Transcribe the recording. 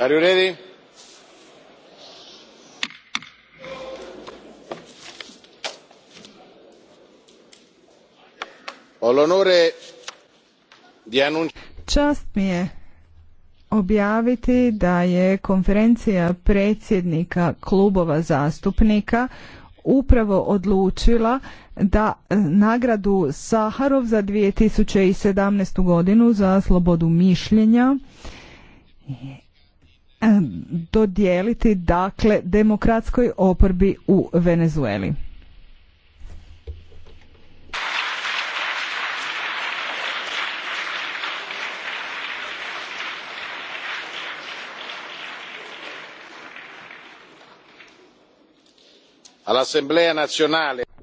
Are you Čast mi je objaviti da je konferencija predsjednika klubova zastupnika upravo odlučila da nagradu Saharov za 2017. godinu za slobodu mišljenja dodijeliti dakle demokratskoj oporbi u Venezueli. All'Assemblea nazionale